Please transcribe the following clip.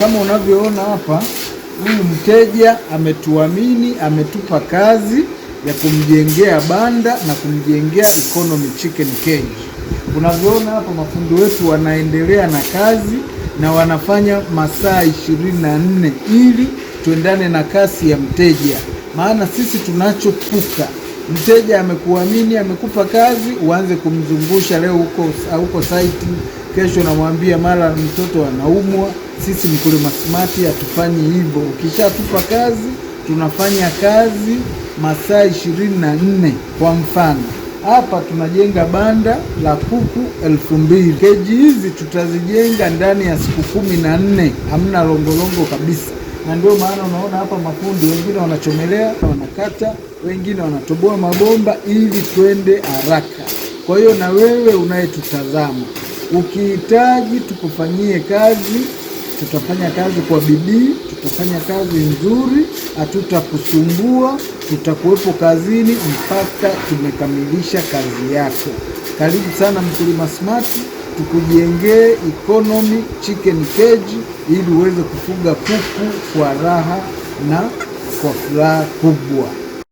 Kama unavyoona hapa, huyu mteja ametuamini, ametupa kazi ya kumjengea banda na kumjengea economy chicken cage. Unavyoona hapa, mafundi wetu wanaendelea na kazi na wanafanya masaa ishirini na nne ili tuendane na kasi ya mteja, maana sisi tunachopuka mteja amekuamini, amekupa kazi, uanze kumzungusha leo huko huko site, kesho namwambia mara mtoto anaumwa. Sisi Mkulima Smart hatufanyi hivyo. Ukishatupa kazi, tunafanya kazi masaa ishirini na nne. Kwa mfano hapa tunajenga banda la kuku elfu mbili. Keji hizi tutazijenga ndani ya siku kumi na nne, hamna longolongo kabisa na ndio maana unaona hapa mafundi wengine wanachomelea, wanakata, wengine wanatoboa mabomba ili twende haraka. Kwa hiyo na wewe unayetutazama, ukihitaji tukufanyie kazi, tutafanya kazi kwa bidii, tutafanya kazi nzuri, hatutakusumbua, tutakuwepo kazini mpaka tumekamilisha kazi yako. Karibu sana Mkulima Smart tukujengee economy chicken cage, ili uweze kufuga kuku kwa raha na kwa furaha kubwa.